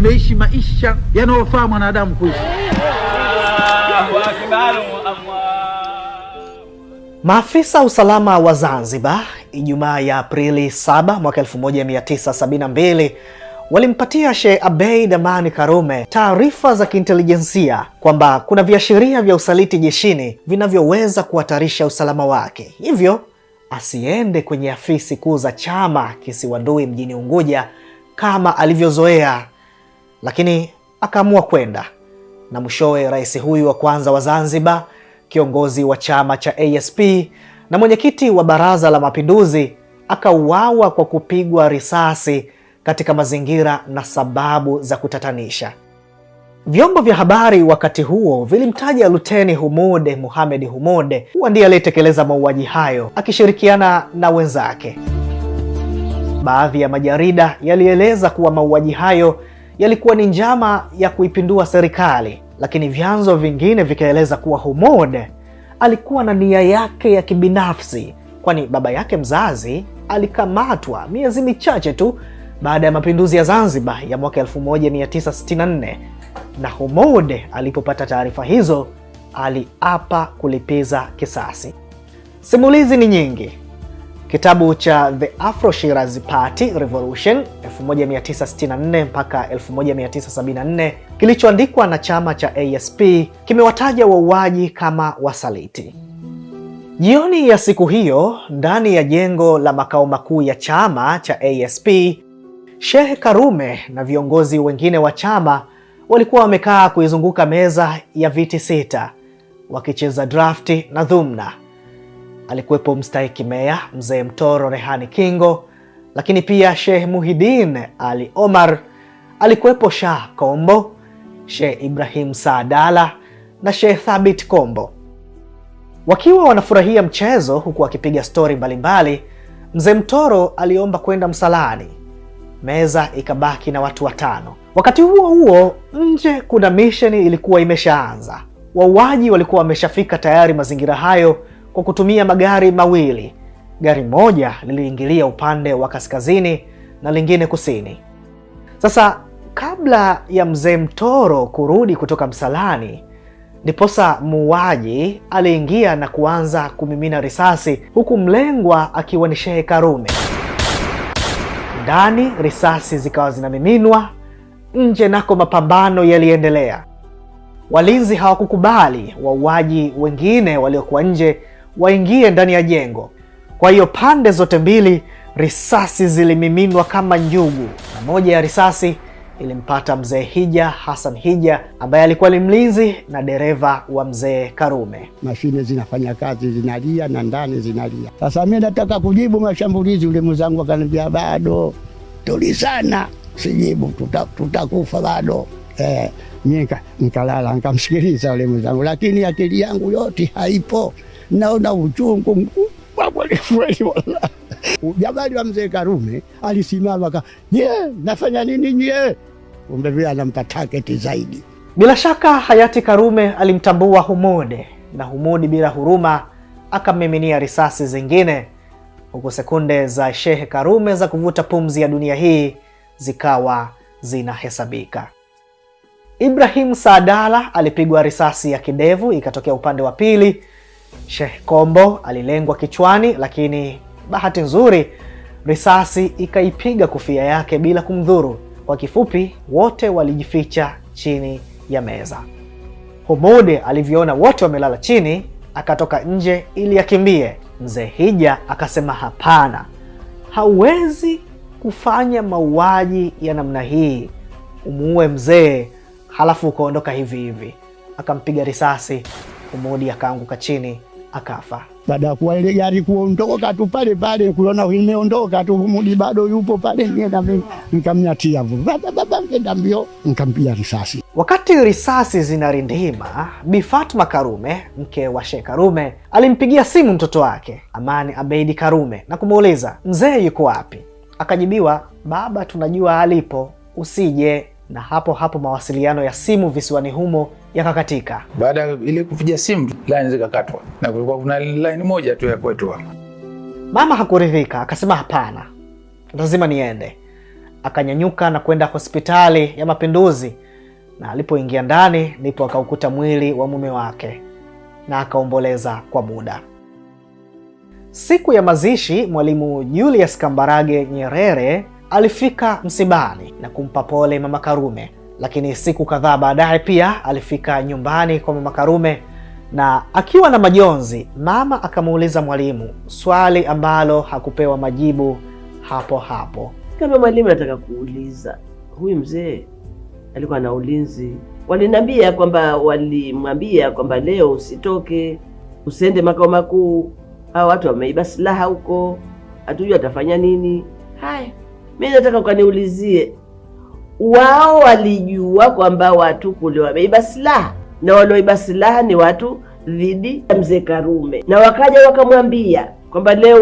nimeishi maisha yanayofaa mwanadamu kuishi. Maafisa usalama wa Zanzibar Ijumaa ya Aprili 7 mwaka 1972 walimpatia Sheikh Abeid Amani Karume taarifa za kiintelijensia kwamba kuna viashiria vya usaliti jeshini vinavyoweza kuhatarisha usalama wake, hivyo asiende kwenye afisi kuu za chama Kisiwandui mjini Unguja kama alivyozoea lakini akaamua kwenda na mwishowe, rais huyu wa kwanza wa Zanzibar, kiongozi wa chama cha ASP na mwenyekiti wa Baraza la Mapinduzi, akauawa kwa kupigwa risasi katika mazingira na sababu za kutatanisha. Vyombo vya habari wakati huo vilimtaja Luteni Humude Mohamed Humude huwa ndiye aliyetekeleza mauaji hayo akishirikiana na wenzake. Baadhi ya majarida yalieleza kuwa mauaji hayo yalikuwa ni njama ya kuipindua serikali, lakini vyanzo vingine vikaeleza kuwa Humud alikuwa na nia yake ya kibinafsi, kwani baba yake mzazi alikamatwa miezi michache tu baada ya mapinduzi ya Zanzibar ya mwaka 1964 na Humud alipopata taarifa hizo aliapa kulipiza kisasi. Simulizi ni nyingi Kitabu cha The Afro Shirazi Party Revolution 1964 mpaka 1974 kilichoandikwa na chama cha ASP kimewataja wauaji kama wasaliti. Jioni ya siku hiyo, ndani ya jengo la makao makuu ya chama cha ASP, Sheikh Karume na viongozi wengine wa chama walikuwa wamekaa kuizunguka meza ya viti sita wakicheza drafti na dhumna alikuwepo mstahiki meya mzee Mtoro Rehani Kingo, lakini pia sheh Muhidin Ali Omar, alikuwepo Shah Kombo, sheh Ibrahim Saadala na sheh Thabit Kombo. Wakiwa wanafurahia mchezo huku akipiga stori mbalimbali, mzee Mtoro aliomba kwenda msalani. Meza ikabaki na watu watano. Wakati huo huo, nje kuna misheni ilikuwa imeshaanza. Wauaji walikuwa wameshafika tayari mazingira hayo kwa kutumia magari mawili. Gari moja liliingilia upande wa kaskazini na lingine kusini. Sasa kabla ya mzee Mtoro kurudi kutoka msalani, ndiposa muuaji aliingia na kuanza kumimina risasi, huku mlengwa akiwa ni Shehe Karume. Ndani risasi zikawa zinamiminwa, nje nako mapambano yaliendelea. Walinzi hawakukubali wauaji wengine waliokuwa nje waingie ndani ya jengo. Kwa hiyo pande zote mbili risasi zilimiminwa kama njugu na moja ya risasi ilimpata mzee Hija Hassan Hija ambaye alikuwa ni mlinzi na dereva wa mzee Karume. Mashine zinafanya kazi, zinalia na ndani zinalia. Sasa mi nataka kujibu mashambulizi, ule mwenzangu akaniambia bado tulizana, sijibu, tutakufa tuta bado eh, mi nikalala nkamsikiliza ule mwenzangu, lakini akili yangu yote haipo naona uchungu mkubwa kweli, wala jabali wa mzee Karume alisimama ka nye, nafanya nini nyie? Kumbe vile anampa taketi zaidi. Bila shaka hayati Karume alimtambua Humudi na Humudi bila huruma akammiminia risasi zingine, huku sekunde za Shehe Karume za kuvuta pumzi ya dunia hii zikawa zinahesabika. Ibrahimu Saadala alipigwa risasi ya kidevu ikatokea upande wa pili. Sheikh Kombo alilengwa kichwani, lakini bahati nzuri risasi ikaipiga kofia yake bila kumdhuru. Kwa kifupi, wote walijificha chini ya meza. humud alivyoona wote wamelala chini, akatoka nje ili akimbie. Mzee Hija akasema, hapana, hauwezi kufanya mauaji ya namna hii, umuue mzee halafu ukaondoka hivi hivi. Akampiga risasi Umudi akaanguka chini akafa. Baada ya kuwa ile gari kuondoka tu pale pale, kuona imeondoka tu, Umudi bado yupo pale, nienda nikamnyatia baba, nenda mbio, nkampia risasi. Wakati risasi zinarindima, Bi Fatma Karume, mke wa Sheikh Karume, alimpigia simu mtoto wake Amani Abeidi Karume na kumuuliza mzee yuko wapi. Akajibiwa, baba tunajua alipo, usije na hapo hapo mawasiliano ya simu visiwani humo yakakatika. Baada ya ile kupiga simu, line zikakatwa na kulikuwa kuna line moja tu ya kwetu. Mama hakuridhika, akasema hapana, lazima niende. Akanyanyuka na kwenda hospitali ya Mapinduzi, na alipoingia ndani ndipo akaukuta mwili wa mume wake na akaomboleza kwa muda. Siku ya mazishi, Mwalimu Julius Kambarage Nyerere alifika msibani na kumpa pole mama Karume, lakini siku kadhaa baadaye pia alifika nyumbani kwa mama Karume na akiwa na majonzi, mama akamuuliza mwalimu swali ambalo hakupewa majibu hapo hapo. Kama mwalimu, nataka kuuliza, huyu mzee alikuwa na ulinzi? Waliniambia kwamba walimwambia kwamba leo usitoke, usiende makao makuu, hawa watu wameiba silaha huko, hatujui atafanya nini. Haya, mimi nataka ukaniulizie, wao walijua kwamba kule wameiba silaha na walioiba silaha ni watu dhidi ya mzee Karume, na wakaja wakamwambia kwamba leo